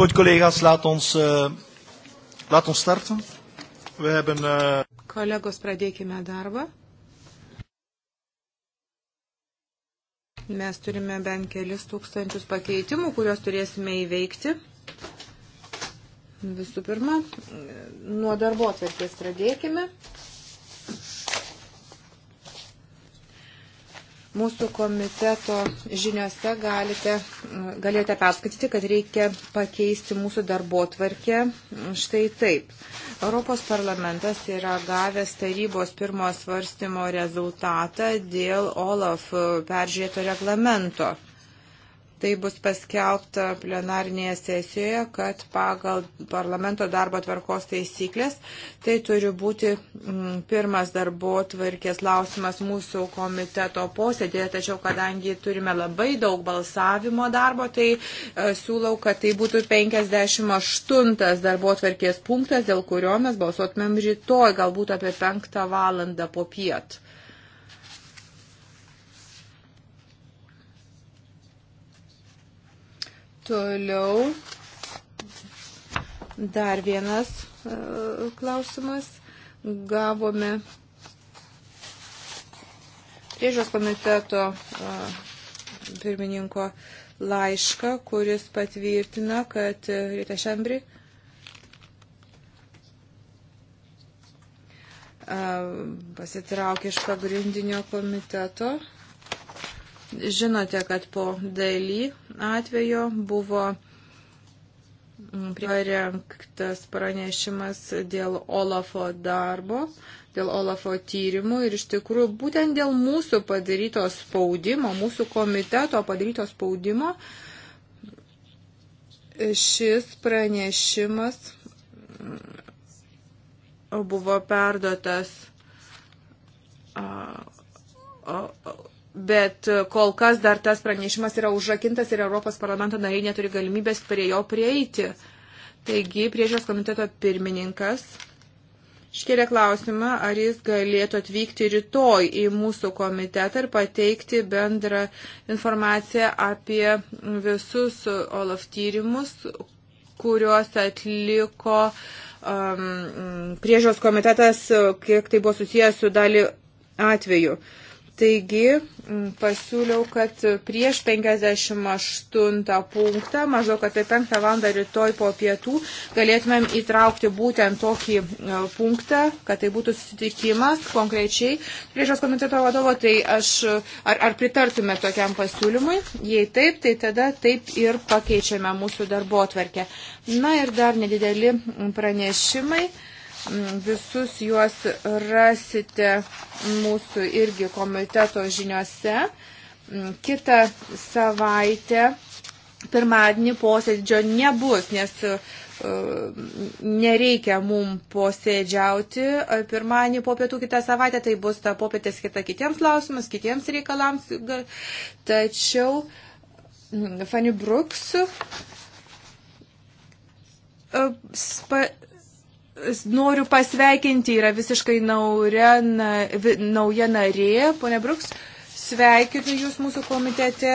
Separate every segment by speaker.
Speaker 1: Goed, collega's, laat ons, uh, laat ons starten. We hebben. Uh...
Speaker 2: Kolegos, pradėkime darbą. Mes turime bent kelis tūkstančius pakeitimų, kuriuos turėsime įveikti. Visų pirma, nuo darbo atverkės pradėkime. Mūsų komiteto žiniuose galite, galite perskaityti, kad reikia pakeisti mūsų darbo tvarkę. Štai taip. Europos parlamentas yra gavęs tarybos pirmo svarstymo rezultatą dėl OLAF peržiūrėto reglamento. Tai bus paskelbta plenarnėje sesijoje, kad pagal parlamento darbo tvarkos taisyklės tai turi būti mm, pirmas darbo tvarkės klausimas mūsų komiteto posėdėje, tačiau kadangi turime labai daug balsavimo darbo, tai e, siūlau, kad tai būtų 58 darbo tvarkės punktas, dėl kurio mes balsuotumėm rytoj, galbūt apie 5 valandą po pietų. Toliau dar vienas e, klausimas. Gavome priežios komiteto e, pirmininko laišką, kuris patvirtina, kad e, Rita Šembri pasitraukė iš pagrindinio komiteto Žinote, kad po daly atvejo buvo parengtas pranešimas dėl Olafo darbo, dėl Olafo tyrimų ir iš tikrųjų būtent dėl mūsų padaryto spaudimo, mūsų komiteto padaryto spaudimo, šis pranešimas buvo perdotas Bet e, kol kas dar tas pranešimas yra užrakintas ir Europos parlamento nariai neturi galimybės prie jo prieiti. Taigi, priežios komiteto pirmininkas iškėlė klausimą, ar jis galėtų atvykti rytoj į mūsų komitetą ir pateikti bendrą informaciją apie visus OLAF tyrimus, kuriuos atliko um, priežios komitetas, kiek tai buvo susijęs su dalį atveju. Uh, Taigi pasiūliau, kad prieš 58 punktą, maždaug apie 5 val. rytoj po pietų, galėtumėm įtraukti būtent tokį e, punktą, kad tai būtų susitikimas konkrečiai priežas komiteto vadovo. Tai aš, ar, ar pritartume tokiam pasiūlymui? Jei taip, tai tada taip ir pakeičiame mūsų darbo atverkę. Na ir dar nedideli pranešimai. Mm, visus juos rasite mūsų irgi komiteto žiniuose. Mm, kita savaitė pirmadienį posėdžio nebus, nes uh, nereikia mum posėdžiauti. Uh, Pirmąjį po pietų kitą savaitę tai bus ta popietė skirta kitiems klausimams, kitiems reikalams. Tačiau mm, Fanny Brooks uh, noriu pasveikinti, yra visiškai nauja, na, nauja narė, ponė Bruks, sveikinu Jūs mūsų komitete,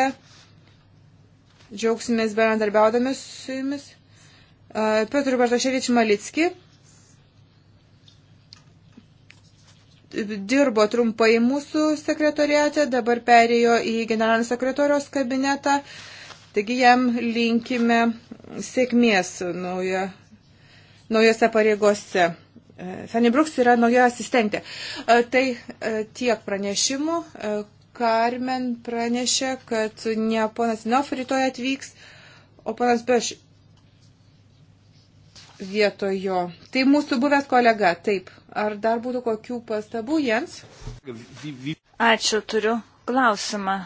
Speaker 2: džiaugsimės bendarbiaudami su Jumis. Petru Bartoševič Malicki dirbo trumpai mūsų sekretoriate, dabar perėjo į generalinio sekretorijos kabinetą, taigi jam linkime sėkmės naujo naujose pareigose. E, Fanny Brooks yra nauja asistentė. E, tai e, tiek pranešimų. Karmen pranešė, kad ne ponas Nov rytoj atvyks, o ponas Beš vietoj jo. Tai mūsų buvęs kolega, taip. Ar dar būtų kokių pastabų, Jens? Ačiū, turiu klausimą.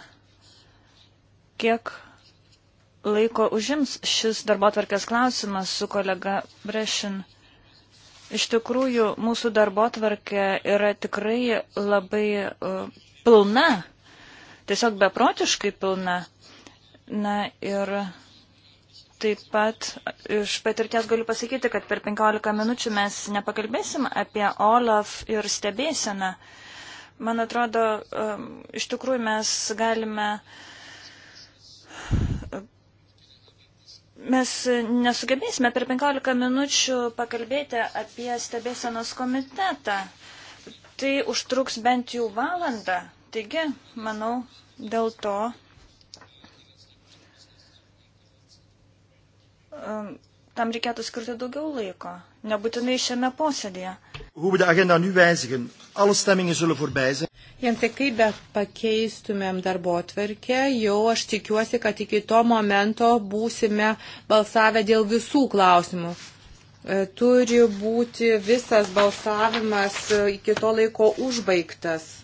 Speaker 3: Kiek laiko užims šis darbotvarkės klausimas su kolega Brešin. Iš tikrųjų, mūsų darbotvarkė yra tikrai labai uh, pilna, tiesiog beprotiškai pilna. Na ir taip pat iš patirties galiu pasakyti, kad per 15 minučių mes nepakalbėsim apie Olaf ir stebėseną. Man atrodo, um, iš tikrųjų mes galime uh, mes nesugebėsime per 15 minučių pakalbėti apie stebėsenos komitetą. Tai užtruks bent jau valandą. Taigi, manau, dėl to um, tam reikėtų skirti daugiau laiko nebūtinai šiame posėdėje.
Speaker 1: Nu
Speaker 2: Jens, tai kaip be pakeistumėm darbo atverkę, jau aš tikiuosi, kad iki to momento būsime balsavę dėl visų klausimų e, turi būti visas balsavimas e, iki to laiko užbaigtas.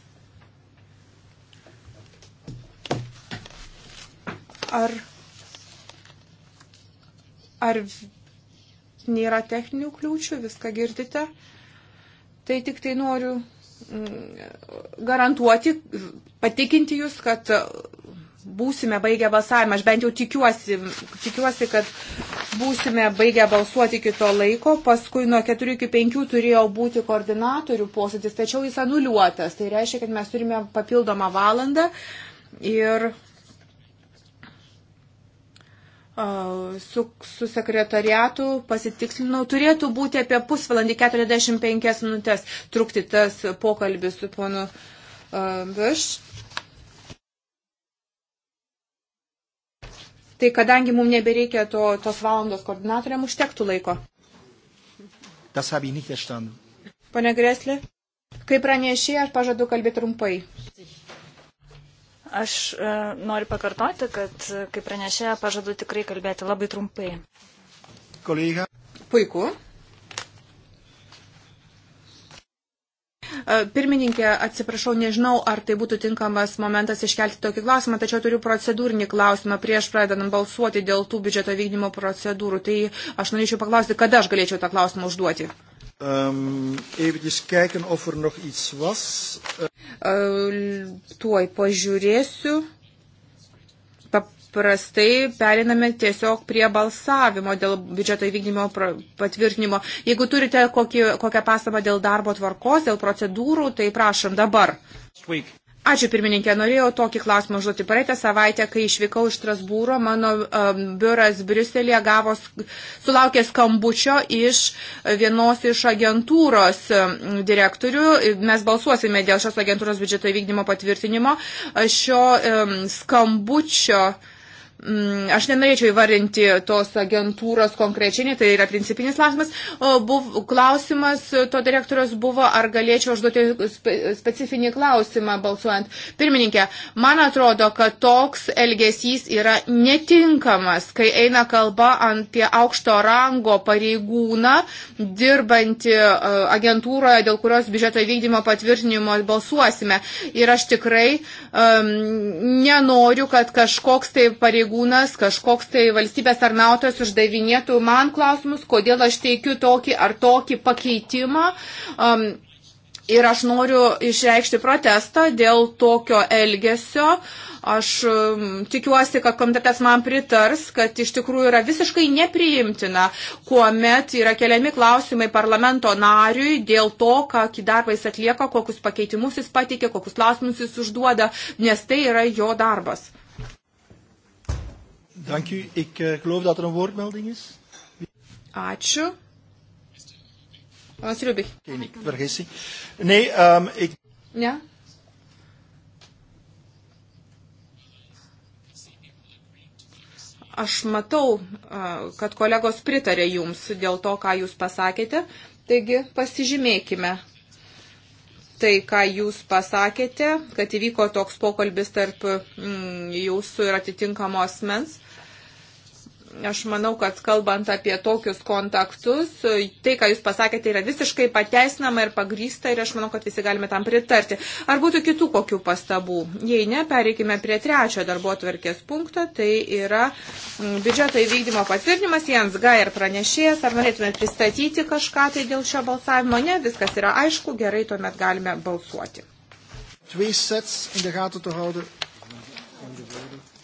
Speaker 2: Ar, ar nėra techninių kliūčių, viską girdite. Tai tik tai noriu mm, garantuoti, patikinti jūs, kad būsime baigę balsavimą. Aš bent jau tikiuosi, tikiuosi, kad būsime baigę balsuoti iki to laiko. Paskui nuo 4 iki 5 turėjo būti koordinatorių posėdis, tačiau jis anuliuotas. Tai reiškia, kad mes turime papildomą valandą. Ir su, su sekretariatu pasitikslinau, turėtų būti apie pusvalandį 45 minutės trukti tas pokalbis su ponu Viš. Tai kadangi mums nebereikia to, tos valandos koordinatoriam, užtektų laiko.
Speaker 1: Das habe ich nicht verstanden.
Speaker 2: Pone Greslė, kaip pranešė, aš pažadu kalbėti trumpai. Aš e,
Speaker 3: noriu pakartoti, kad e, kaip pranešė, pažadu tikrai kalbėti labai trumpai.
Speaker 2: Kolega. Puiku. E, pirmininkė, atsiprašau, nežinau, ar tai būtų tinkamas momentas iškelti tokį klausimą, tačiau turiu procedūrinį klausimą prieš pradedant balsuoti dėl tų biudžeto vykdymo procedūrų. Tai aš norėčiau paklausti, kada aš galėčiau tą klausimą užduoti.
Speaker 1: Um, eventjes kijken of
Speaker 2: er nog iets was. Uh... Uh, tuoj pažiūrėsiu. Paprastai periname tiesiog prie balsavimo dėl biudžeto įvykdymo patvirtinimo. Jeigu turite kokį, kokią pastabą dėl darbo tvarkos, dėl procedūrų, tai prašom dabar. Week. Ačiū pirmininkė, norėjau tokį klausimą užduoti. Praeitą savaitę, kai išvykau iš Strasbūro, mano um, biuras Briuselėje gavo, sulaukė skambučio iš vienos iš agentūros e, direktorių. Mes balsuosime dėl šios agentūros biudžeto įvykdymo patvirtinimo. Šio um, skambučio uh, Mm, aš nenorėčiau įvardinti tos agentūros konkrečiai, tai yra principinis klausimas. Buv, klausimas to direktorius buvo, ar galėčiau užduoti specifinį klausimą balsuojant. Pirmininkė, man atrodo, kad toks elgesys yra netinkamas, kai eina kalba apie aukšto rango pareigūną, dirbantį e, agentūroje, dėl kurios biudžeto įvykdymo patvirtinimo balsuosime. Ir aš tikrai um, nenoriu, kad kažkoks tai pareigūnas pareigūnas, kažkoks tai valstybės tarnautojas uždavinėtų man klausimus, kodėl aš teikiu tokį ar tokį pakeitimą. Um, ir aš noriu išreikšti protestą dėl tokio elgesio. Aš um, tikiuosi, kad komitetas man pritars, kad iš tikrųjų yra visiškai nepriimtina, kuomet yra keliami klausimai parlamento nariui dėl to, kokį darbą jis atlieka, kokius pakeitimus jis pateikia, kokius klausimus jis užduoda, nes tai yra jo darbas.
Speaker 1: Dank u. Ik uh, geloof dat er een woordmelding is. Ačiū. Ponas Riubik. Geen vergissing. Nee, um, ik...
Speaker 2: Ne? Aš matau, kad kolegos pritarė jums dėl to, ką jūs pasakėte. Taigi pasižymėkime tai, ką jūs pasakėte, kad įvyko toks pokalbis tarp mm, jūsų ir atitinkamo asmens. Aš manau, kad kalbant apie tokius kontaktus, tai, ką Jūs pasakėte, yra visiškai pateisinama ir pagrysta ir aš manau, kad visi galime tam pritarti. Ar būtų kitų kokių pastabų? Jei ne, pereikime prie trečio darbo tvarkės punkto, tai yra mm, biudžeto įvykdymo patvirtinimas. Jens Gair pranešėjas, ar norėtumėt pristatyti kažką tai dėl šio balsavimo? Ne, viskas yra aišku, gerai, tuomet
Speaker 1: galime balsuoti. Twee sets in de gaten te houden.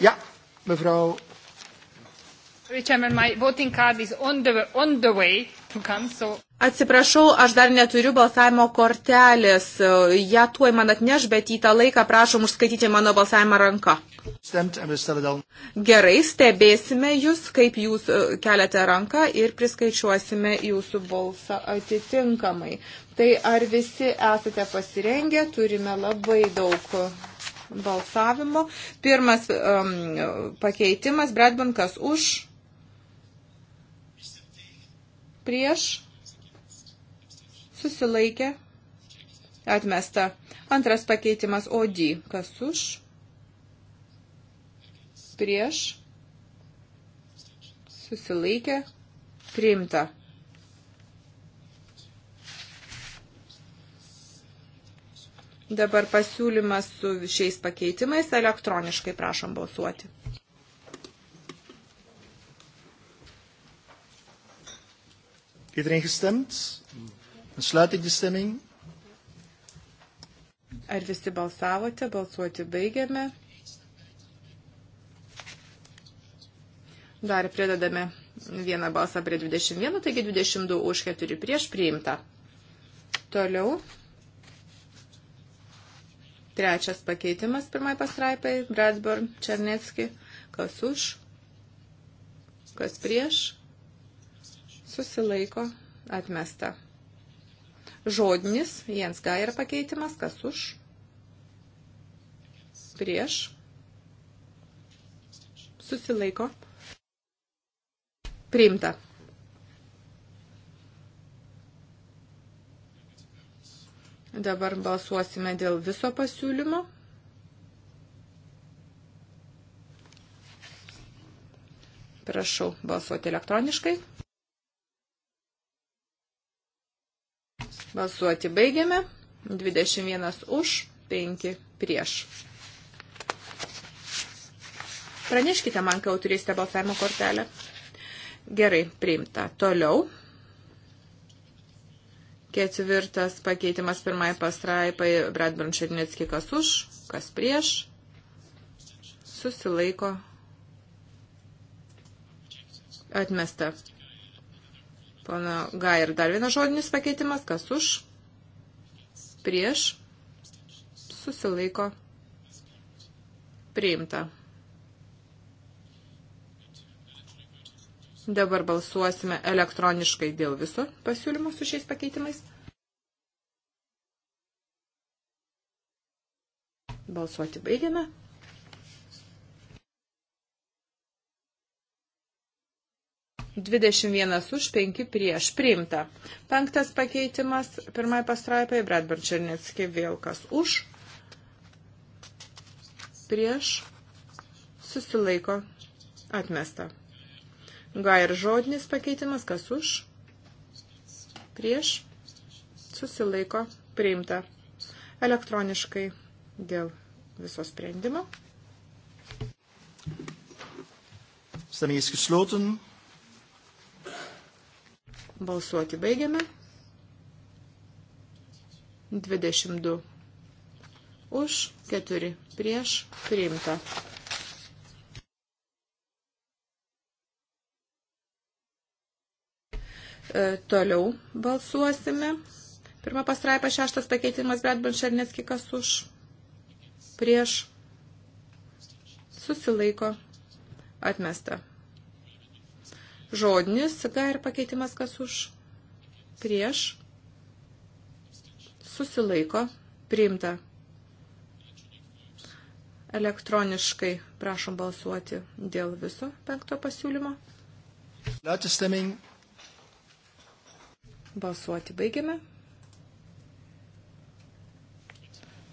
Speaker 1: Ja, mevrouw
Speaker 2: Atsiprašau, aš dar neturiu balsavimo kortelės. Ja tuoj man atneš, bet į tą laiką prašom užskaityti mano balsavimą ranką. Gerai, stebėsime jūs, kaip jūs e, keliate ranką ir priskaičiuosime jūsų balsą atitinkamai. Tai ar visi esate pasirengę, turime labai daug balsavimo. Pirmas um, pakeitimas, Bradbankas už prieš, susilaikė, atmesta. Antras pakeitimas OD, kas už, prieš, susilaikė, priimta. Dabar pasiūlymas su šiais pakeitimais elektroniškai prašom
Speaker 1: balsuoti. Iedereen gestemd? Dan sluit ik de stemming.
Speaker 2: Ar visi balsavote? Balsuoti baigiame. Dar pridedame vieną balsą prie 21, taigi 22 už 4 prieš priimta. Toliau. Trečias pakeitimas pirmai pastraipai. Bradsburn, Černecki. Kas už? Kas prieš? susilaiko atmesta. Žodinis Jens Gair pakeitimas, kas už, prieš, susilaiko, priimta. Dabar balsuosime dėl viso pasiūlymo. Prašau balsuoti elektroniškai. Balsuoti baigiame. 21 už, 5 prieš. Praneškite man, kai jau turėsite balsavimo kortelę. Gerai, priimta. Toliau. Ketvirtas pakeitimas pirmai pastraipai. Bradburn Šernetski kas už, kas prieš. Susilaiko. Atmesta. Pana Gair, dar vienas žodinis pakeitimas, kas už, prieš, susilaiko, priimta. Dabar balsuosime elektroniškai dėl viso pasiūlymo su šiais pakeitimais. Balsuoti baigiame. 21 už 5 prieš priimta. Penktas pakeitimas, pirmai pastraipai, Bradburn Černetski vėl kas už, prieš, susilaiko, atmesta. Gai ir žodinis pakeitimas, kas už, prieš, susilaiko, priimta. Elektroniškai dėl viso sprendimo.
Speaker 1: Stemming is gesloten. Balsuoti baigiame.
Speaker 2: 22 už, 4 prieš, priimta. E, toliau balsuosime. Pirma pastraipa, šeštas pakeitimas, Bradburn Šernetski, kas už, prieš, susilaiko, atmesta. Žodinis gair pakeitimas, kas už prieš susilaiko priimta. Elektroniškai prašom balsuoti dėl viso penkto pasiūlymo. Balsuoti baigiame.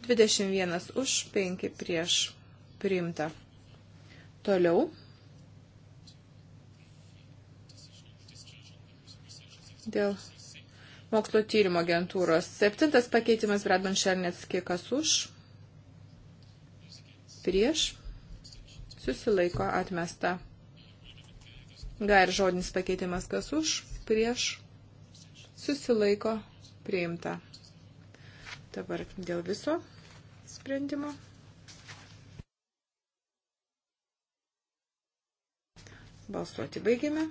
Speaker 2: 21 už 5 prieš priimta. Toliau dėl mokslo tyrimo agentūros. Septintas pakeitimas Bradman Šernetski, kas už, prieš, susilaiko atmesta. Ga ir žodinis pakeitimas, kas už, prieš, susilaiko priimta. Dabar dėl viso sprendimo. Balsuoti baigėme.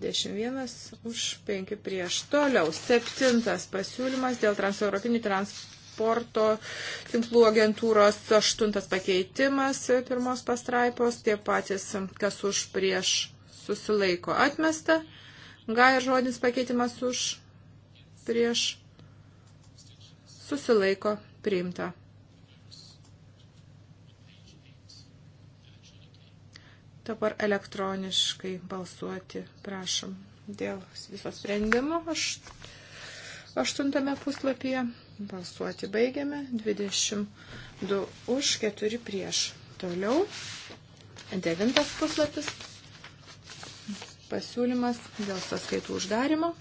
Speaker 2: 21 už 5 prieš. Toliau, septintas pasiūlymas dėl transeuropinių transporto tinklų agentūros, aštuntas pakeitimas pirmos pastraipos, tie patys, kas už prieš susilaiko atmesta. Gai žodis pakeitimas už prieš susilaiko priimta. Dabar elektroniškai balsuoti, prašom, dėl viso sprendimo aš, aštuntame puslapyje. Balsuoti baigiame, 22 už, 4 prieš. Toliau, devintas puslapis, pasiūlymas dėl sąskaitų uždarimo.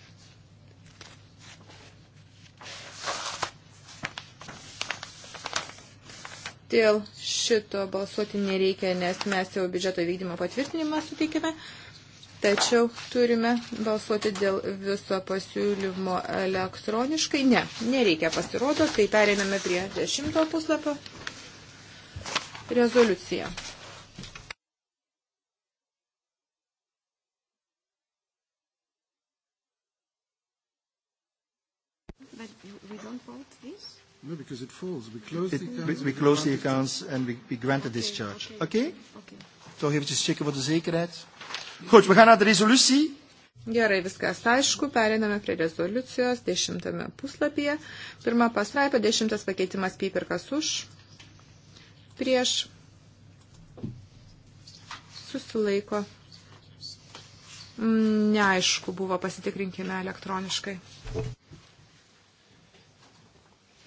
Speaker 2: Dėl šito balsuoti nereikia, nes mes jau biudžeto vykdymo patvirtinimą suteikėme. Tačiau turime balsuoti dėl viso pasiūlymo elektroniškai. Ne, nereikia pasirodo, tai pereiname prie dešimto puslapio. Rezoliucija.
Speaker 4: But we don't vote this?
Speaker 1: No, because it falls. We close it, the accounts. We, we close the accounts and we, we grant a discharge. Oké? Okay. Okay? Okay. Toch eventjes checken voor de zekerheid. Goed, we gaan naar de resolutie.
Speaker 2: Gerai, viskas aišku, pereiname prie rezoliucijos dešimtame puslapyje. Pirma pastraipa, dešimtas pakeitimas pypirkas už, prieš, susilaiko. Mm, neaišku buvo, pasitikrinkime elektroniškai.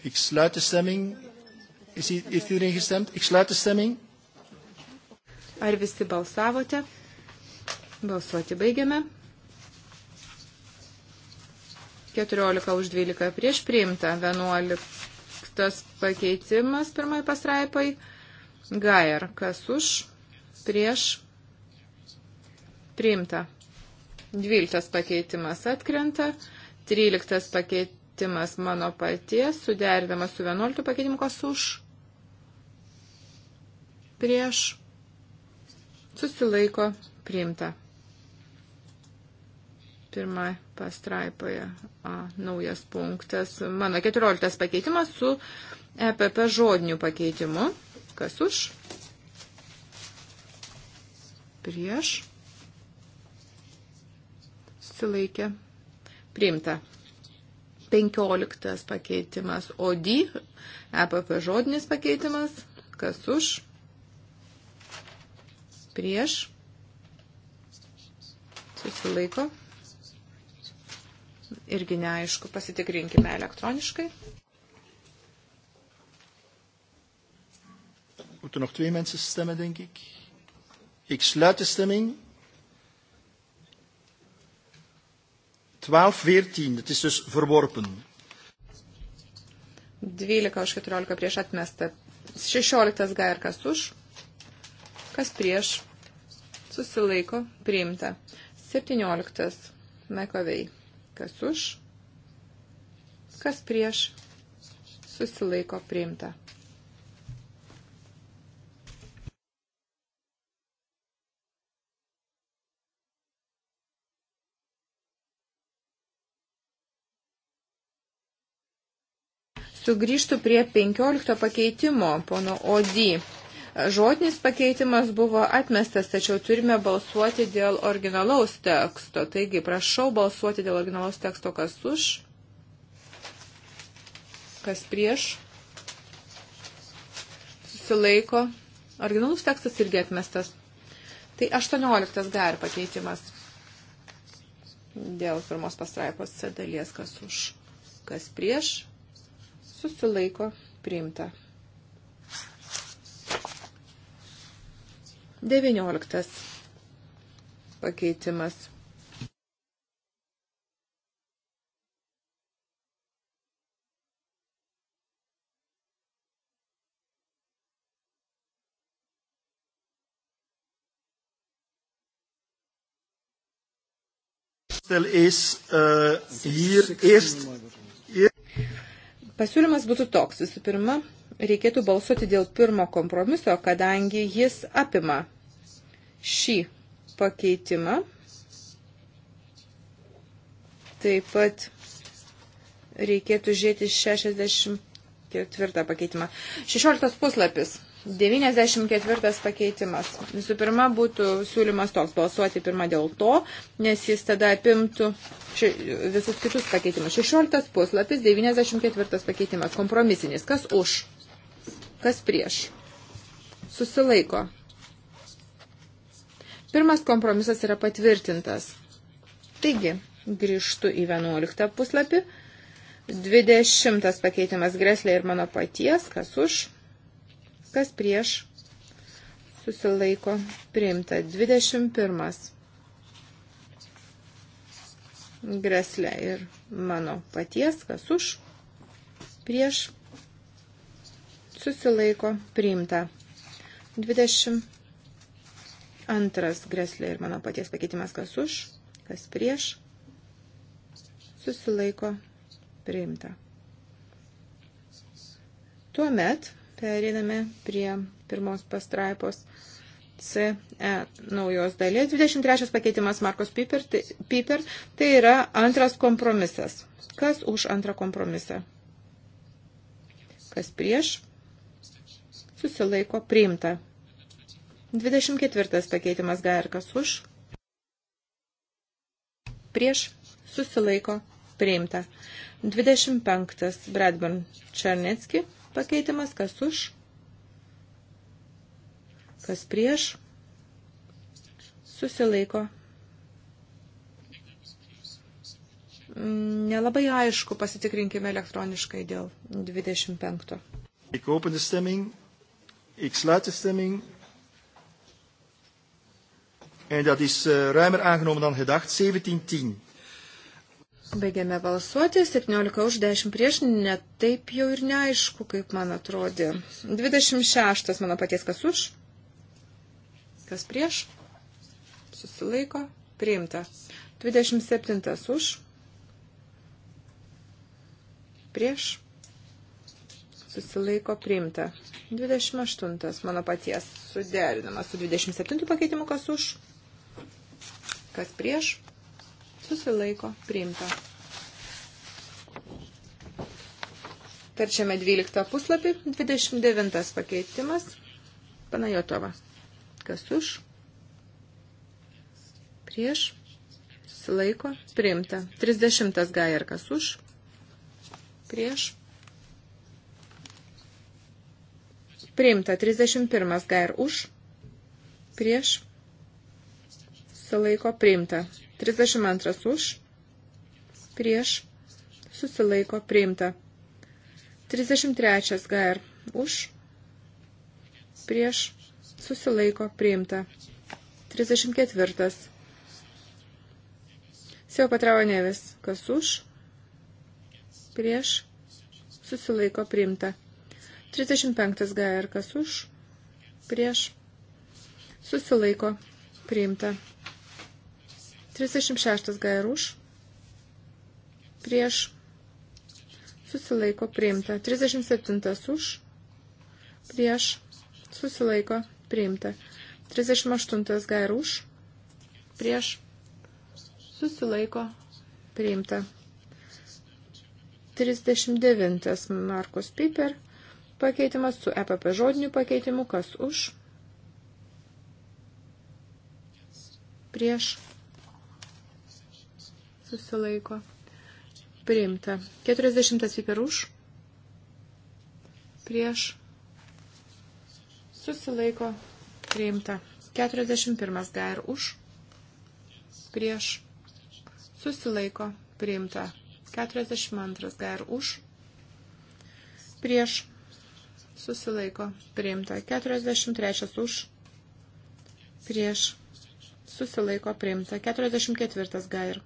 Speaker 1: Ik sluit de stemming. Is, is iedereen gestemd? Ik sluit de stemming. Ar visi balsavote?
Speaker 2: Balsuoti baigiame. 14 už 12 prieš priimta, 11 pakeitimas pirmai pasraipai. Gair, kas už, prieš priimta. 12 pakeitimas atkrenta, 13 pakeitimas pakeitimas mano paties, suderinamas su 11 pakeitimu, kas už, prieš, susilaiko, priimta. Pirma pastraipoje A, naujas punktas. Mano 14 pakeitimas su EPP žodiniu pakeitimu. Kas už? Prieš. Susilaikė. Priimta. 15 pakeitimas OD, EPP žodinis pakeitimas, kas už, prieš, susilaiko, irgi neaišku, pasitikrinkime elektroniškai.
Speaker 1: Moeten nog twee mensen stemmen, denk ik. Ik sluit de stemming. 12-14, het is dus verworpen.
Speaker 2: 12 už 14 prieš atmestą. 16 gair kas už, kas prieš, susilaiko, priimta. 17 mekovei, kas už, kas prieš, susilaiko, priimta. grįžtų prie 15 pakeitimo, pono Odį. Žodinis pakeitimas buvo atmestas, tačiau turime balsuoti dėl originalaus teksto. Taigi, prašau balsuoti dėl originalaus teksto, kas už, kas prieš, susilaiko. Originalus tekstas irgi atmestas. Tai 18 gar pakeitimas dėl pirmos pastraipos C dalies, kas už, kas prieš, susilaiko priimta. 19. Pakeitimas.
Speaker 1: voorstel is uh, hier eerst
Speaker 2: Pasiūlymas būtų toks. Visų pirma, reikėtų balsuoti dėl pirmo kompromiso, kadangi jis apima šį pakeitimą. Taip pat reikėtų žiūrėti 64 pakeitimą. 16 puslapis. 94 pakeitimas. Visų pirma, būtų siūlymas toks balsuoti pirmą dėl to, nes jis tada apimtų ši, visus kitus pakeitimus. 16 puslapis, 94 pakeitimas, kompromisinis. Kas už? Kas prieš? Susilaiko. Pirmas kompromisas yra patvirtintas. Taigi, grįžtu į 11 puslapį. 20 pakeitimas greslė ir mano paties, kas už, Kas prieš? Susilaiko priimta. 21. Greslė ir mano paties, kas už, prieš, susilaiko priimta. 22. Greslė ir mano paties pakeitimas, kas už, kas prieš, susilaiko priimta. Tuomet Pereiname prie pirmos pastraipos CE naujos dalies. 23 pakeitimas Markos Piper, tai, Piper, tai yra antras kompromisas. Kas už antrą kompromisą? Kas prieš? Susilaiko priimta. 24 pakeitimas Gairkas už. Prieš susilaiko priimta. 25 Bradburn Černecki pakeitimas, kas už, kas prieš, susilaiko. Mm, nelabai aišku, pasitikrinkime elektroniškai dėl 25.
Speaker 1: Ik open de stemming, ik sluit de stemming. En dat is uh, ruimer aangenomen dan gedacht, 17-10.
Speaker 2: Baigiame balsuoti. 17 už 10 prieš. Netaip jau ir neaišku, kaip man atrodė. 26 mano paties kas už. Kas prieš. Susilaiko. Priimta. 27 už. Prieš. Susilaiko. Priimta. 28 mano paties. Suderinama su 27 pakeitimu kas už. Kas prieš susilaiko priimta. Tarčiame 12 puslapį, 29 pakeitimas, Panajotova. Kas už? Prieš. Susilaiko. Priimta. 30 gajer kas už? Prieš. Priimta. 31 gajer už? Prieš. Susilaiko. Priimta. 32 už, prieš, susilaiko, priimta. 33 GR už, prieš, susilaiko, priimta. 34. Sėjo patraonėvis, kas už, prieš, susilaiko, priimta. 35 GR, kas už, prieš, susilaiko, priimta. 36 gair už, prieš, susilaiko priimta. 37 už, prieš, susilaiko priimta. 38 gair už, prieš, susilaiko priimta. 39 Markus Piper pakeitimas su EPP žodiniu pakeitimu, kas už, prieš, susilaiko priimta. 40 viper už, prieš susilaiko priimta. 41 gair už, prieš susilaiko priimta. 42 gair už, prieš susilaiko priimta. 43 už, prieš susilaiko priimta. 44 gair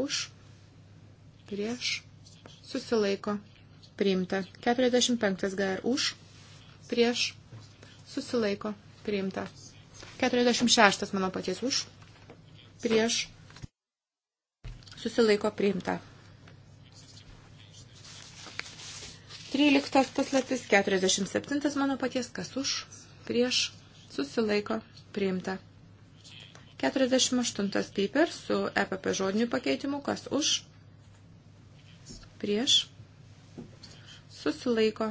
Speaker 2: už, prieš, susilaiko, priimta. 45 GR už, prieš, susilaiko, priimta. 46 mano paties už, prieš, susilaiko, priimta. 13 puslapis, 47 mano paties, kas už, prieš, susilaiko, priimta. 48 paper su EPP žodiniu pakeitimu, kas už, prieš, susilaiko,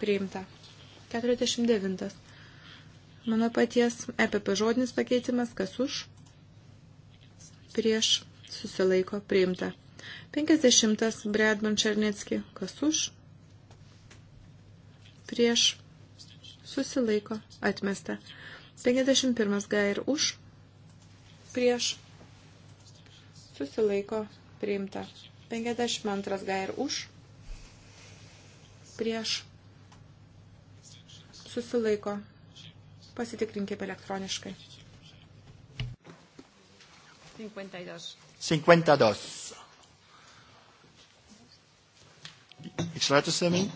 Speaker 2: priimta. 49. Mano paties EPP žodinis pakeitimas, kas už, prieš, susilaiko, priimta. 50. Bradman Černecki, kas už, prieš, susilaiko, atmesta. 51. Gair už, prieš susilaiko priimta. 52 gair už prieš susilaiko. Pasitikrinkime elektroniškai. 52.
Speaker 1: 52. Išlaitusiami.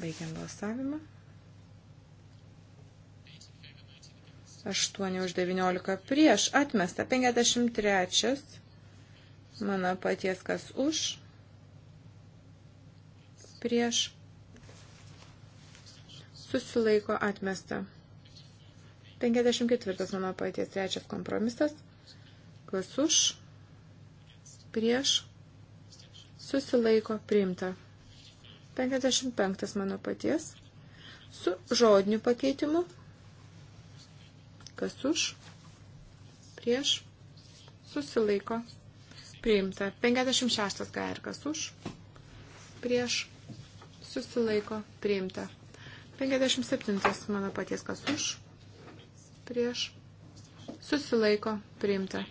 Speaker 2: Baigiam balsavimą. 8 už 19 prieš, atmesta 53, mano paties kas už, prieš, susilaiko atmesta. 54 mano paties trečias kompromisas, kas už, prieš, susilaiko priimta. 55 mano paties su žodiniu pakeitimu kas už, prieš, susilaiko, priimta. 56 gai ir kas už, prieš, susilaiko, priimta. 57 mano paties kas už, prieš, susilaiko, priimta.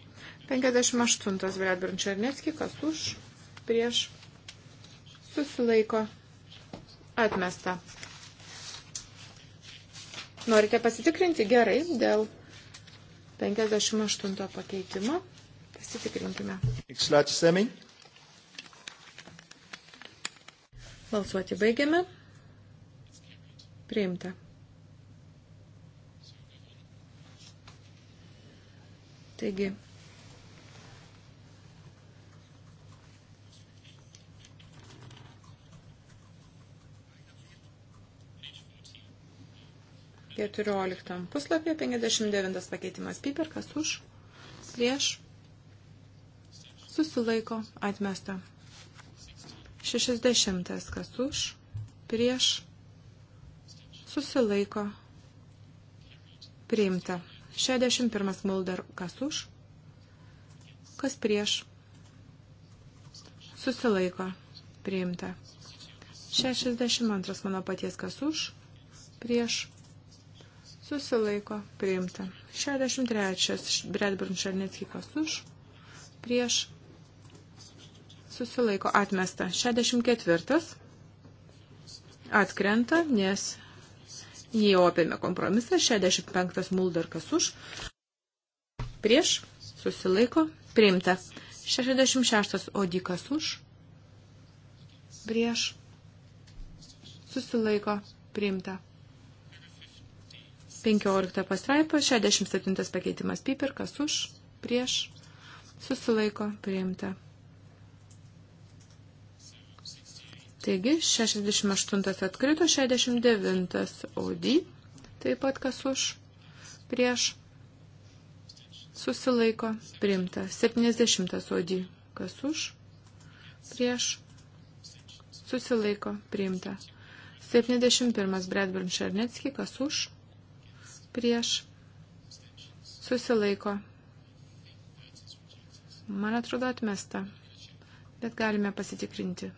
Speaker 2: 58 Vredbrun Černecki kas už, prieš, susilaiko, atmesta. Norite pasitikrinti gerai dėl 58 pakeitimo. Pasitikrinkime. Balsuoti baigiame. Priimta. Taigi, 14 puslapyje 59 pakeitimas piperkas už, prieš, susilaiko, atmesta. 60 kas už, prieš, susilaiko, priimta. 61 mulder kas už, kas prieš, susilaiko, priimta. 62 mano paties kas už, prieš, susilaiko susilaiko priimta. 63. Bredburn Šarnetkikas už, prieš, susilaiko atmesta. 64. Atkrenta, nes jį opėmė kompromisą. 65. Muldarkas už, prieš, susilaiko priimta. 66. Odikas už, prieš, susilaiko priimta. 15 pastraipa, 67 pakeitimas piper, kas už, prieš, susilaiko, priimta. Taigi, 68 atkrito, 69 audį, taip pat kas už, prieš, susilaiko, priimta. 70 audį, kas už, prieš, susilaiko, priimta. 71 Bradburn Šernecki, kas už, prieš prieš susilaiko. Man atrodo atmesta, bet galime pasitikrinti.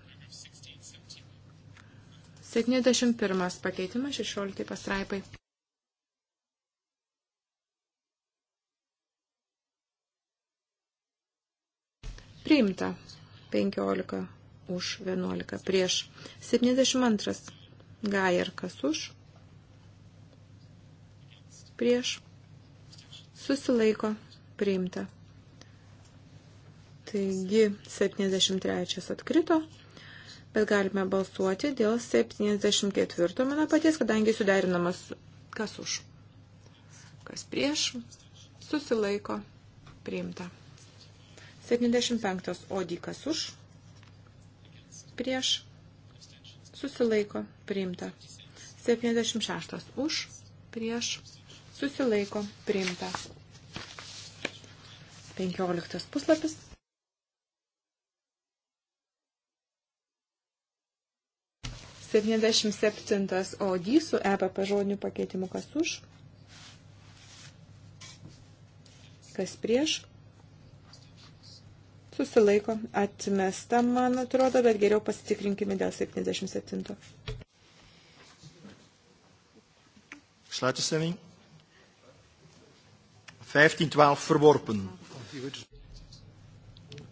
Speaker 2: 71 pakeitimas 16 pastraipai. Priimta 15 už 11 prieš 72 gajerkas už prieš susilaiko priimta. Taigi 73 atkrito, bet galime balsuoti dėl 74 mano paties, kadangi suderinamas kas už, kas prieš, susilaiko priimta. 75 odį kas už, prieš, susilaiko priimta. 76 už, prieš, susilaiko priimta. 15 puslapis. Septyniasdešimt septintas OD su EPP žodiniu pakeitimu kas už, kas prieš, susilaiko, atmesta, man atrodo, bet geriau pasitikrinkime dėl 77.
Speaker 1: Šlačiasi link. 15-12 verworpen.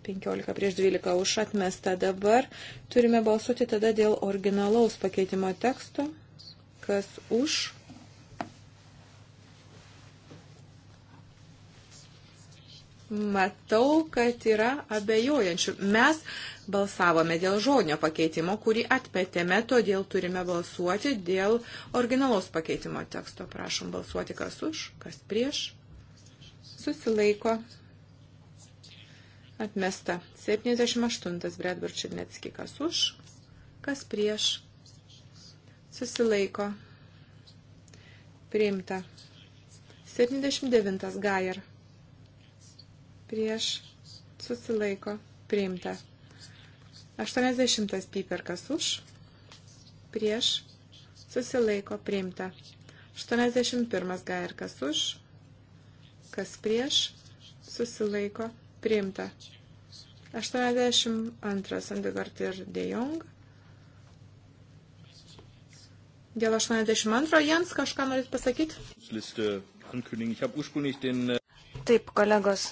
Speaker 2: 15 prieš 12 už atmestą dabar. Turime balsuoti tada dėl originalaus pakeitimo teksto. Kas už? Matau, kad yra abejojančių. Mes balsavome dėl žodinio pakeitimo, kurį atmetėme, todėl turime balsuoti dėl originalaus pakeitimo teksto. Prašom balsuoti, kas už, kas prieš susilaiko atmesta. 78 Bredbur Čirnecki, kas už, kas prieš, susilaiko priimta. 79 Gajer, prieš, susilaiko priimta. 80 Piperkas už, prieš, susilaiko priimta. 81 Gajerkas už, kas prieš, susilaiko priimta. 82 Andegard ir De Jong. Dėl 82 Jens kažką norit pasakyti?
Speaker 1: Äh,
Speaker 2: Taip, kolegos.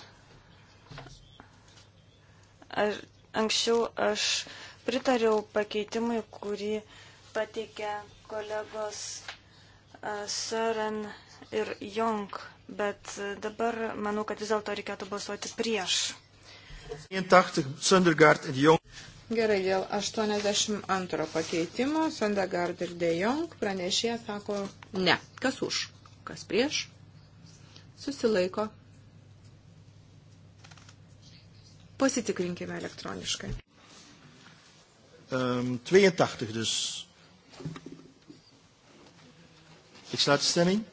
Speaker 2: Aš,
Speaker 3: anksčiau aš pritariau pakeitimui, kurį pateikė kolegos uh, Sören ir Jong. Uh, bet
Speaker 2: dabar manau, kad vis dėlto reikėtų balsuoti prieš. Gerai, dėl 82 pakeitimo Sondagard ir De Jong pranešė, sako, ne, kas už, kas prieš, susilaiko. Pasitikrinkime elektroniškai.
Speaker 1: Um, ehm, 82 dus. Ik sluit de stemming.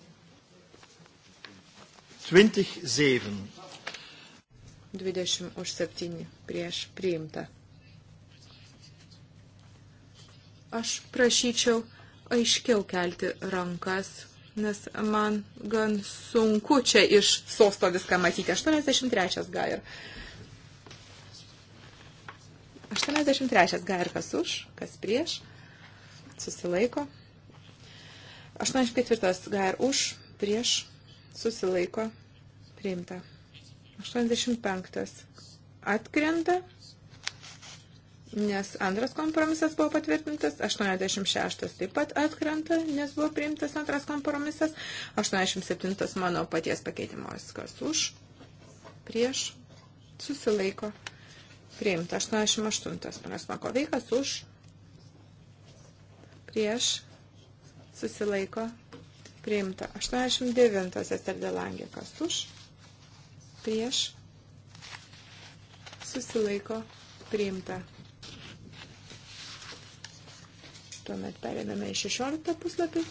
Speaker 1: 20.7.
Speaker 2: 20 už 7 prieš priimtą. Aš prašyčiau aiškiau kelti rankas, nes man gan sunku čia iš sosto viską matyti. 83 gair. 83 gair kas už, kas prieš. Susilaiko. 84 gair už, prieš susilaiko priimta. 85 atkrenta, nes antras kompromisas buvo patvirtintas, 86 taip pat atkrenta, nes buvo priimtas antras kompromisas, 87 mano paties pakeitimas, kas už, prieš, susilaiko, priimta, 88 panas mako veikas už, prieš, susilaiko, priimta priimta. 89 Esterdėlangė, kas už, prieš, susilaiko, priimta. Tuomet perėdame į 16 puslapį.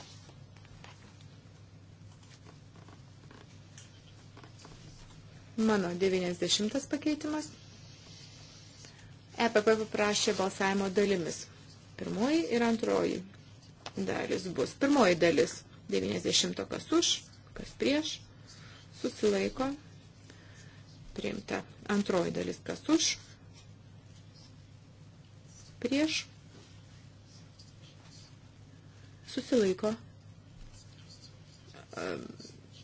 Speaker 2: Mano 90 pakeitimas. EPP paprašė balsavimo dalimis. Pirmoji ir antroji dalis bus. Pirmoji dalis – 90 kas už, kas prieš, susilaiko, priimta. Antroji dalis kas už, prieš, susilaiko,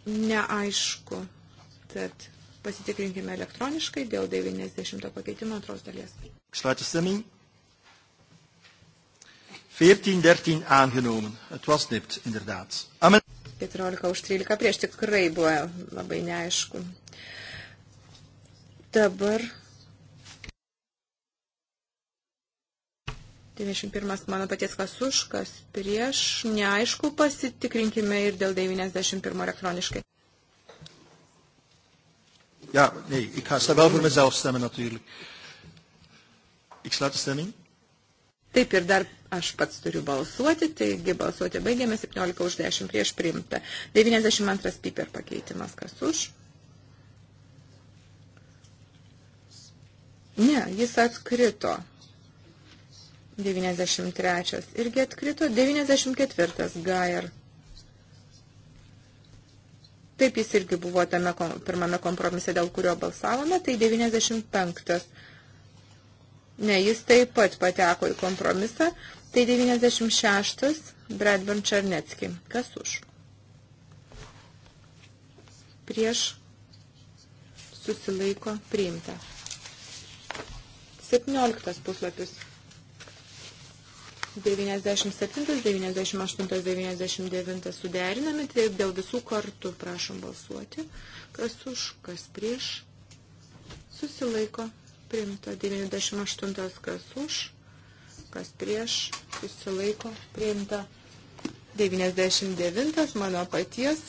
Speaker 2: neaišku, tad pasitikrinkime elektroniškai dėl 90 pakeitimo antros dalies.
Speaker 1: Šlačius Seming. 14-13 aangenomen. Het was nipt, inderdaad.
Speaker 2: Amen. 14 už 13 prieš tikrai buvo labai neaišku. Dabar 91 mano paties kas už, kas prieš, neaišku, pasitikrinkime ir dėl 91 elektroniškai.
Speaker 1: Ja, nee, ik ga wel voor mezelf stemmen natuurlijk. Ik sluit de stemming. Taip ir dar Aš pats turiu balsuoti, taigi
Speaker 2: balsuoti baigėme 17 už 10 prieš priimtą. 92 piper pakeitimas, kas už? Ne, jis atkrito. 93 irgi atkrito. 94 Gair. Taip jis irgi buvo tame kom, pirmame kompromise, dėl kurio balsavome, tai 95. Ne, jis taip pat pateko į kompromisą, Tai 96 Bradburn Černecki. Kas už? Prieš susilaiko priimta. 17 puslapis. 97, 98, 99 suderinami, tai dėl visų kartų prašom balsuoti. Kas už, kas prieš, susilaiko, primta 98, kas už, kas prieš, susilaiko, priimta. 99 mano paties,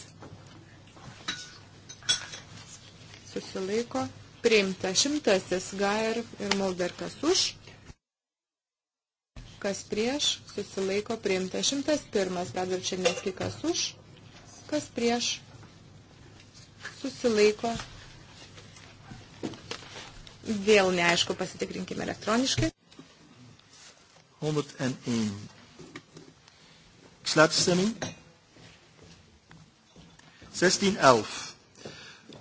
Speaker 2: susilaiko, priimta. Šimtasis Gair ir Mulder kas už, kas prieš, susilaiko, priimta. Šimtas pirmas Radvarčianeski kas už, kas prieš, susilaiko, Vėl neaišku, pasitikrinkime
Speaker 1: elektroniškai. 101. Ik sluit de stemming. 1611.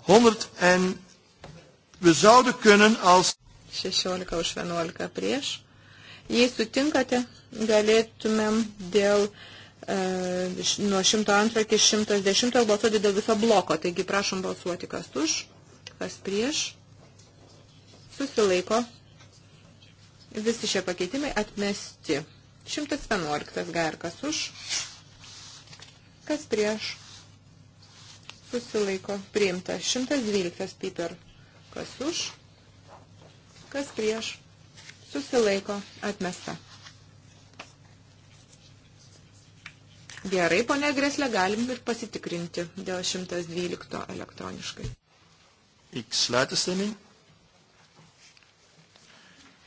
Speaker 1: 100 en we zouden kunnen als... 16 už 11
Speaker 2: prieš. Jei sutinkate, galėtumėm dėl e, nuo 102 iki 110 balsuoti dėl viso bloko. Taigi prašom balsuoti, kas už, kas prieš. Susilaiko. Visi šie pakeitimai atmesti. 111 garkas už, kas prieš, susilaiko, priimta. 112 piper, kas už, kas prieš, susilaiko, atmesta. Gerai, ponia Greslė, galim ir pasitikrinti dėl 112 elektroniškai.
Speaker 1: X leitestemming.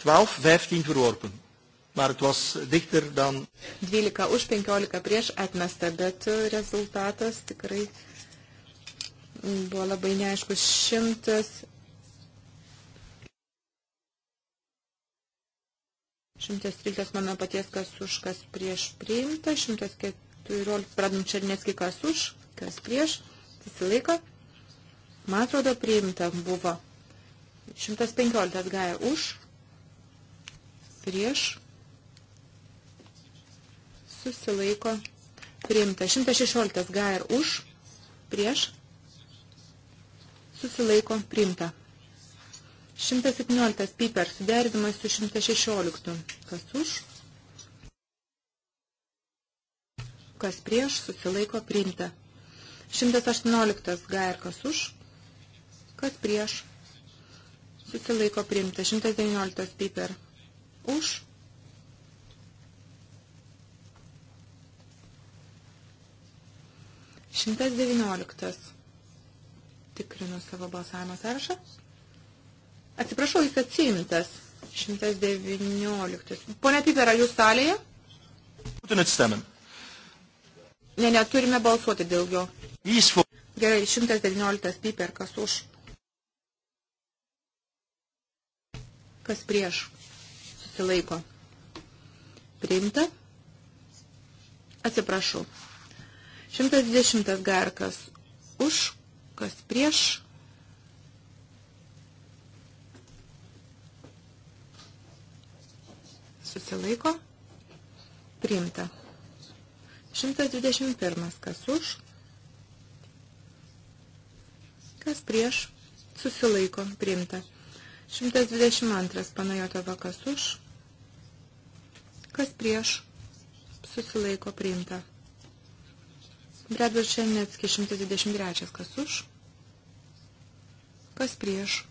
Speaker 1: 12, 15 verworpen. Maar het was dichter dan... 12 už, 15
Speaker 2: prieš atmesta, bet e, rezultatas tikrai buvo labai neaiškus. 100 113 mano paties kas už, kas prieš priimta, 114 pradom Černecki kas už, kas prieš, susilaiko. Man atrodo, priimta buvo 115 gaja už, prieš susilaiko priimta. 116 gair už prieš susilaiko priimta. 117 piper suderinimas su 116. Kas už? Kas prieš susilaiko priimta. 118 gair kas už? Kas prieš susilaiko priimta. 119 piper už. Šimtas devynioliktas. Tikrinu savo balsavimo sąrašą. Atsiprašau, jis atsiimtas. 119. Pone Pipera, jūs salėje?
Speaker 1: Būtinai atsistemėm.
Speaker 2: Ne, neturime balsuoti dėl jo. Gerai, 119 Piper, kas už? Kas prieš? susilaiko priimta. Atsiprašau. 120 garkas už, kas prieš. Susilaiko priimta. 121 kas už, kas prieš, susilaiko priimta. 122 panajoto vakas už, kas prieš susilaiko priimta. Bredvard Šernetski 123, kas už, kas prieš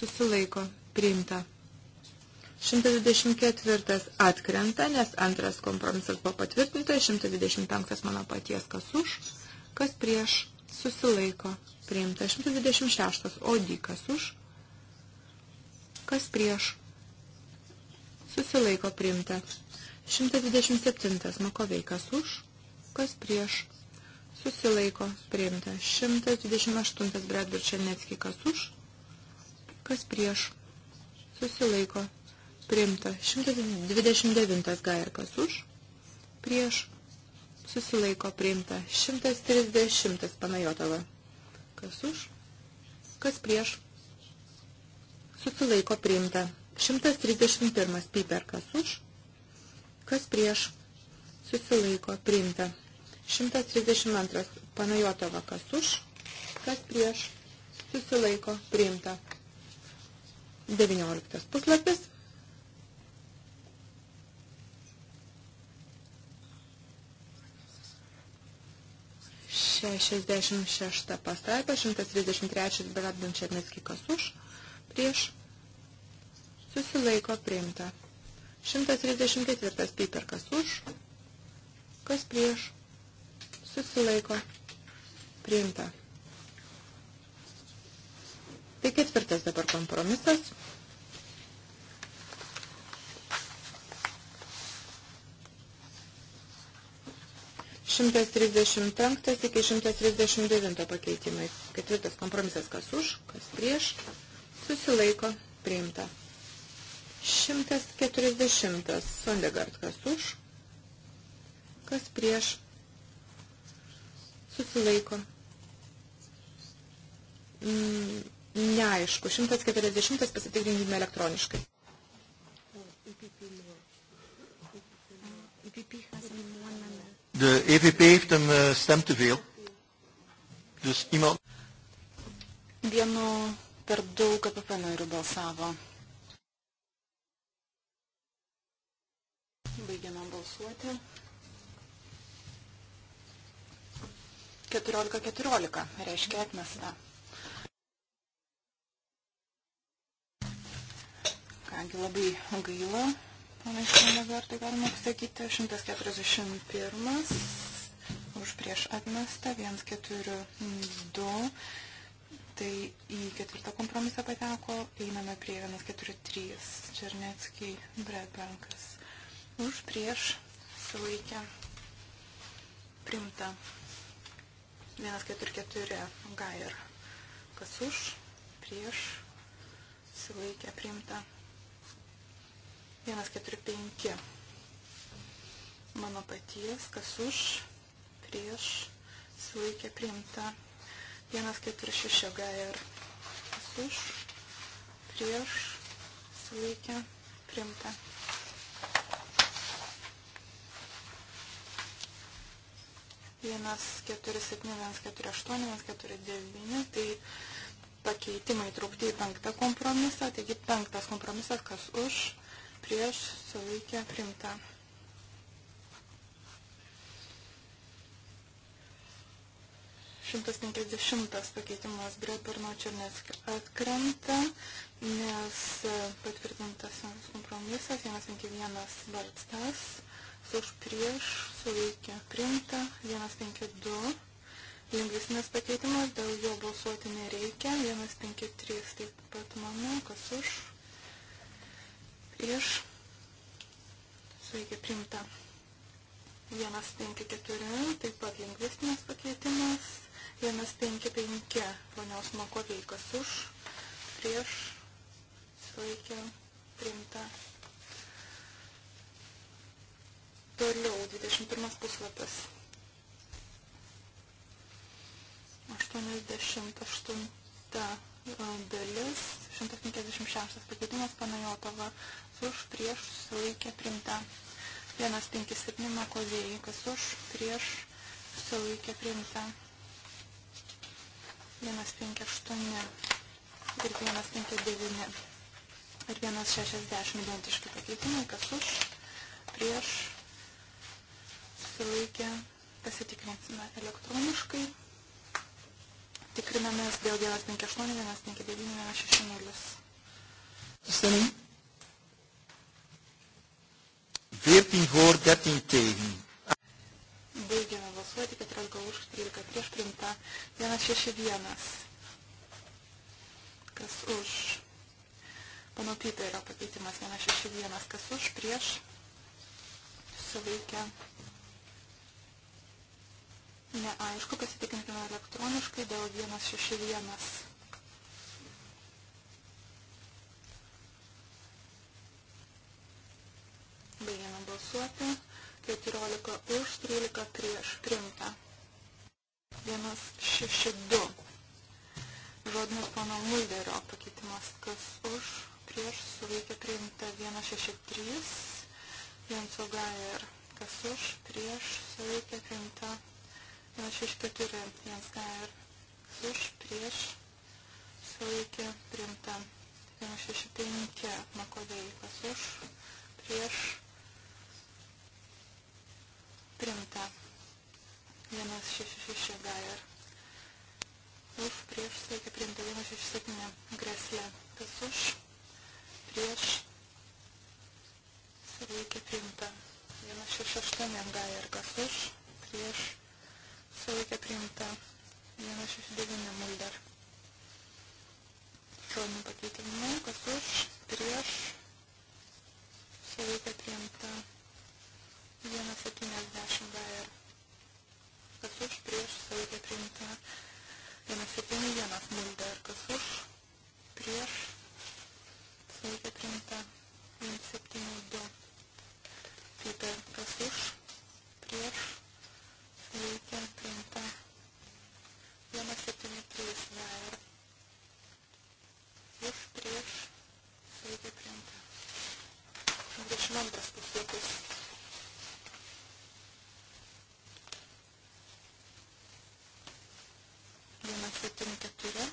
Speaker 2: susilaiko priimta. 124 atkrenta, nes antras kompromisas buvo patvirtintas, 125 mano paties kas už, kas prieš susilaiko priimta, 126 odį kas už, kas prieš susilaiko priimta. 127 Makoveikas už, kas prieš, susilaiko priimta. 128 Bradbert Černecki kas už, kas prieš, susilaiko priimta. 129 Gair kas už, prieš, susilaiko priimta. 130 Panajotova kas už, kas prieš, susilaiko priimta. 131 Piperkas už, kas prieš, susilaiko, priimta. 132 Panajotova kas už, kas prieš, susilaiko, priimta. 19 puslapis. Šešiasdešimt šešta pastraipa, 133 Bradbančiarneskikas už, prieš, susilaiko priimta. 134 piperkas už, kas
Speaker 4: prieš, susilaiko priimta.
Speaker 2: Tai ketvirtas dabar kompromisas. Šimtas trisdešimt penktas iki šimtas trisdešimt devinto pakeitimai. Ketvirtas kompromisas kas už, kas prieš, susilaiko priimta. 140. Sondegard kas už, kas prieš, susilaiko. Mm, neaišku. 140 pasitikrinkime elektroniškai.
Speaker 1: De EVP heeft een uh, eh, stem te veel. Dus iemand...
Speaker 4: Vienu per daug apie narių balsavo. Baigiame balsuoti.
Speaker 3: 14-14 reiškia atmesta.
Speaker 4: Kągi labai gaila, panašiame vertai galima sakyti, 141 už prieš atmestą, 142, tai į ketvirtą kompromisą pateko, einame prie 143, Černeckiai Bredbankas už prieš sulaikę primta 144 Gair. Kas už prieš sulaikę primta 145 mano paties, kas už prieš sulaikę primta 146 Gair. Kas už prieš sulaikę primta 147, 148, 149, tai pakeitimai traukti į penktą kompromisą, taigi penktas kompromisas, kas už, prieš, sulaikę, primta. Šimtas penkisdešimtas pakeitimas Breperno Černetskio atkrenta, nes patvirtintas kompromisas, 151 balstas už prieš sulaikę primta 152. Lingvistinis pakeitimas, dėl jo balsuoti nereikia. 153 taip pat mano, kas už prieš sulaikę primta 154, taip pat lingvistinis pakeitimas. 155 ponios Makoviai, kas už prieš sulaikę primta 154. Toliau, 21 puslapis. 88 e, dalis, 156 pakeitimas Panajotova, už prieš susilaikė primta. 157 Makovėjai, kas už prieš susilaikė primta. 158 ir 159 ir 160 identiški pakeitimai, kas už prieš susilaikė, pasitikrinsime elektroniškai. Tikrinamės dėl 158, 159, 160.
Speaker 1: Stemming. 14 voor, 13 tegen.
Speaker 4: Baigiame balsuoti, 14 už, 13 prieš primta, 161. Kas už? Pano Pyterio pakeitimas 161. Kas už, prieš? Suveikia neaišku, pasitikrinkime elektroniškai dėl 161. Baigiame balsuoti. 14 už, 13 prieš primta. 162. Žodinis pono Mulderio pakeitimas, kas už, prieš, suveikia priimta 163. Jansogair, kas už, prieš, suveikia priimta 163. 164 Jens Geier už prieš sulaikė priimta 165 Makoveikas už prieš priimta 166 Geier už prieš sulaikė priimta 167 Greslė kas už prieš sulaikė priimta 168 Geier kas už prieš sulaikė priimta 169 Mulder. Žodinių pakeitimų, kas už, prieš, sulaikė priimta. septyni keturi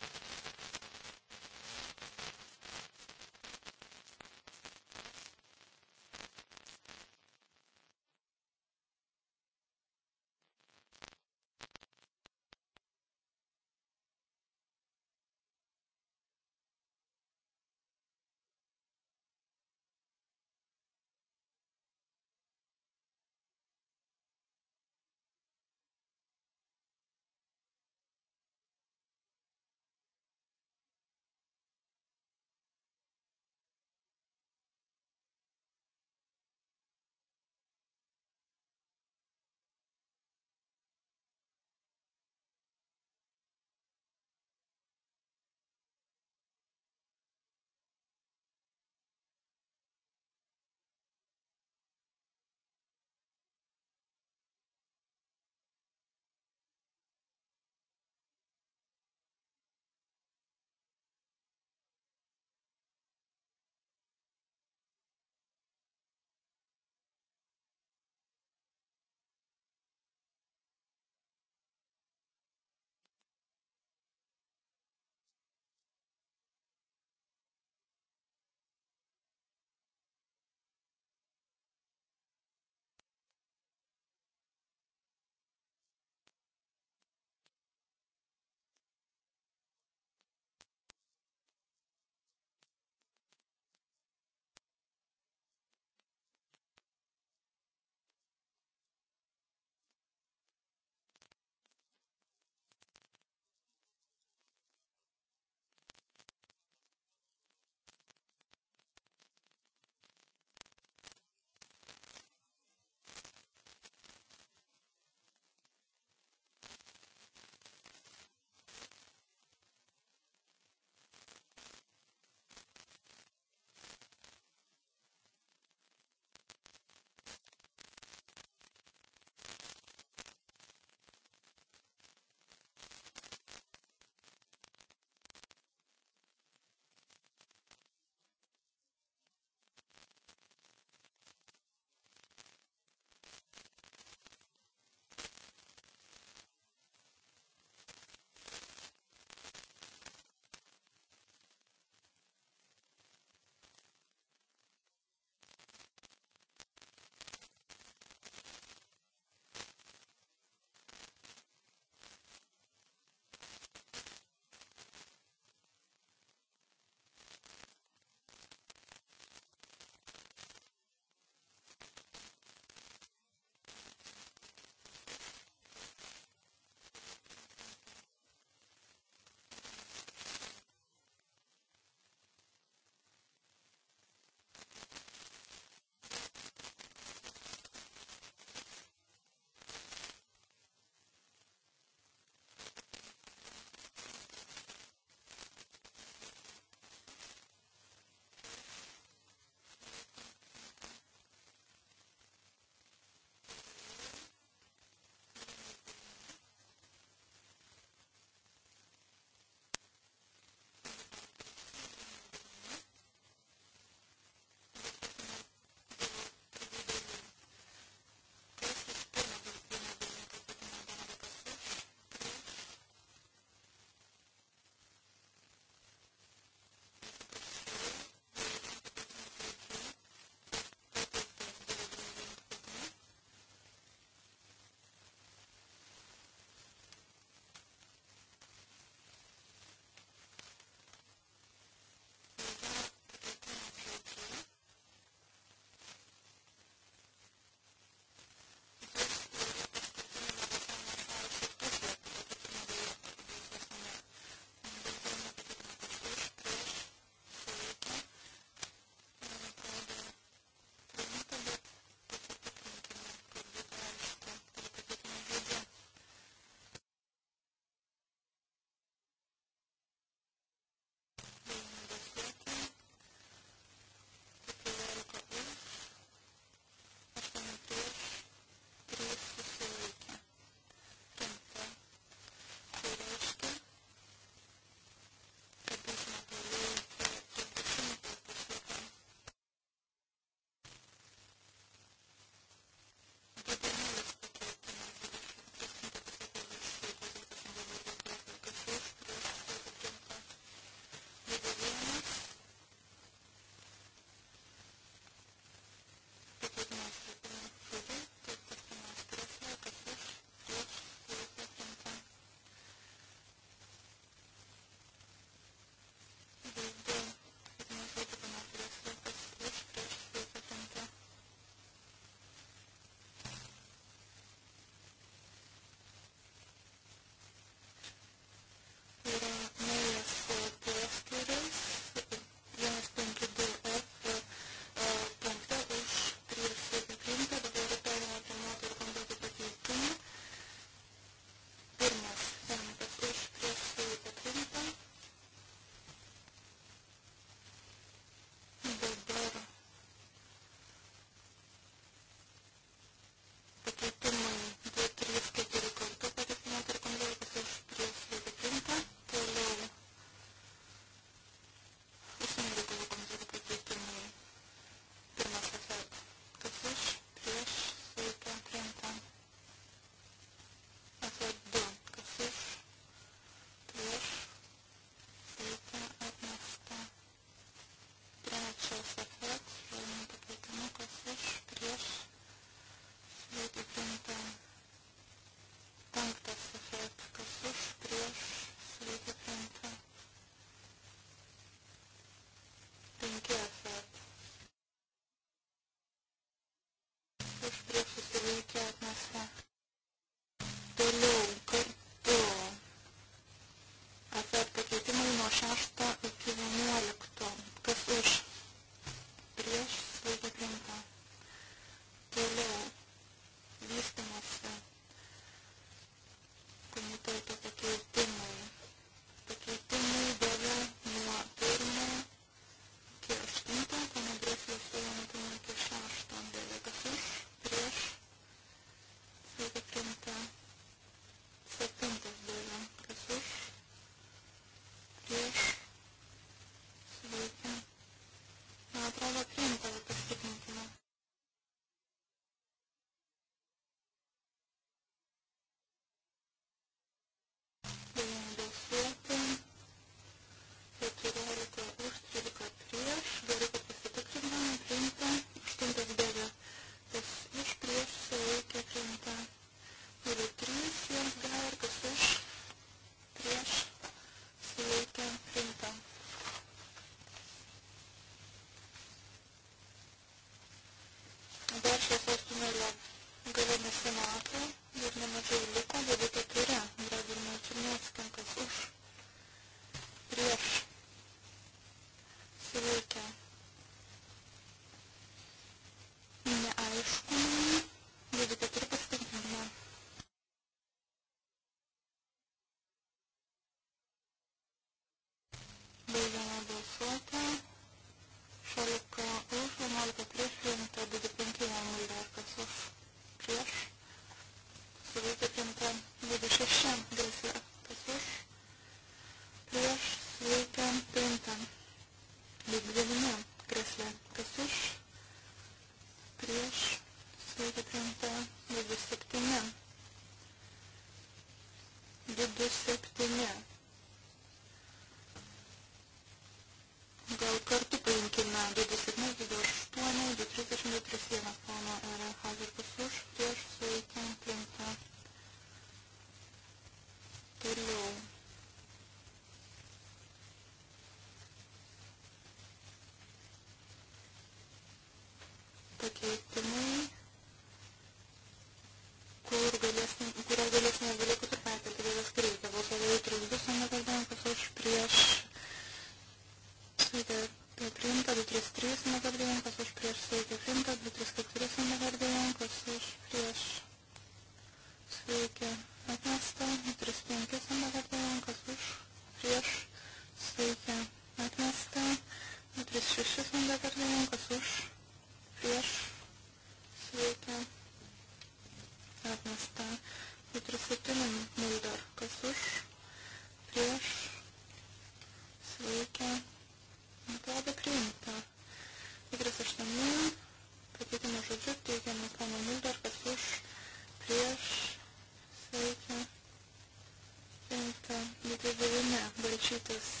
Speaker 4: prašytis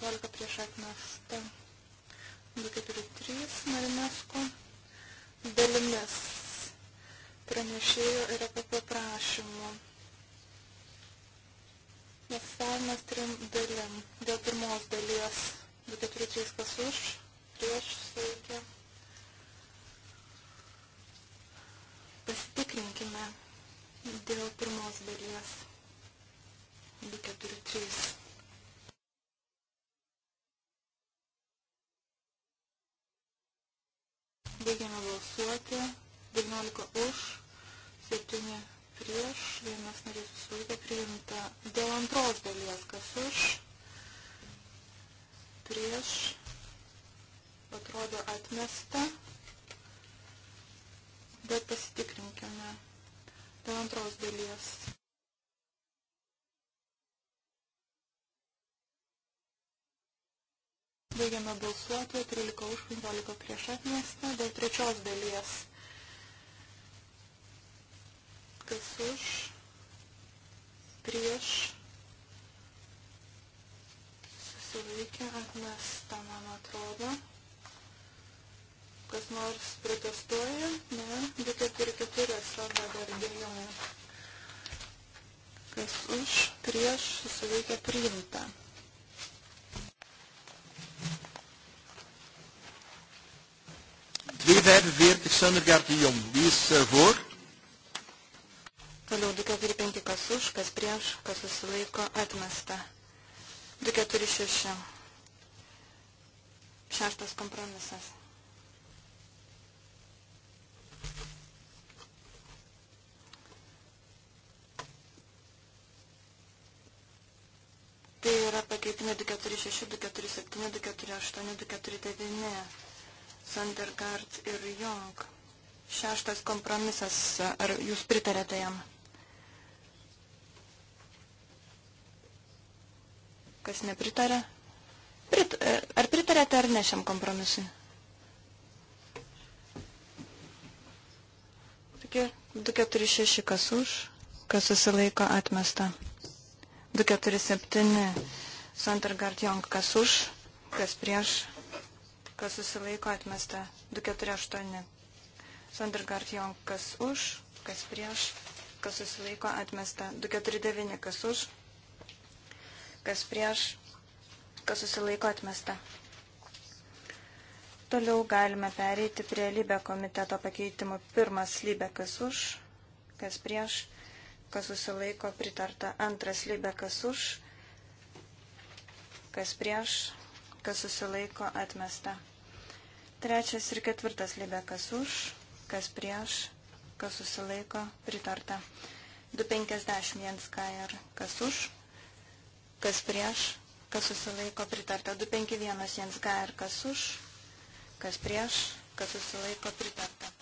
Speaker 4: 15 prieš atmestą. 243 Marinesko dalimis pranešėjo ir apie paprašymų. Balsavimas trim dalim. Dėl pirmos dalies 243 kas už, prieš sveikė. Pasitikrinkime dėl pirmos dalies 243. Baigiame balsuoti. 19 už, 7 prieš, vienas narys susilaikė priimta. Dėl antros dalies, kas už, prieš, atrodo atmesta, bet pasitikrinkime dėl antros dalies. Baigiame balsuoti. 13 už, 15 prieš atmestą. Dėl trečios dalies. Kas už? Prieš. Susilaikė atmestą, man atrodo. Kas nors protestuoja? Ne. 244 atsiranda dar dėjoje. Kas už? Prieš. Susilaikė priimta.
Speaker 1: 245 Söndergaard de Jong. Wie is uh, voor?
Speaker 3: Toliau 245 kas už, kas prieš, kas susilaiko, atmesta. 246. Šeštas kompromisas. Tai yra pakeitimai 246, 247, 248, 249. Sandergaard ir Jong. Šeštas kompromisas, ar jūs pritarėte jam? Kas nepritarė? Prit, e, ar pritarėte ar ne šiam kompromisui? Taigi, 246 kas už, kas susilaiko atmesta. 247 Sandergaard Jong kas už, kas prieš kas susilaiko atmesta 248. Sondergaard Jong, kas už, kas prieš, kas susilaiko atmesta 249, kas už, kas prieš, kas susilaiko atmesta. Toliau galime pereiti prie lybę komiteto pakeitimo. Pirmas lybė, kas už, kas prieš, kas susilaiko pritarta. Antras lybė, kas už, kas prieš, kas susilaiko atmesta. Trečias ir ketvirtas lybė, kas už, kas prieš, kas susilaiko pritarta. 251 kair, kas už, kas prieš, kas susilaiko pritarta. 251 jens kair, kas už, kas prieš, kas susilaiko pritarta.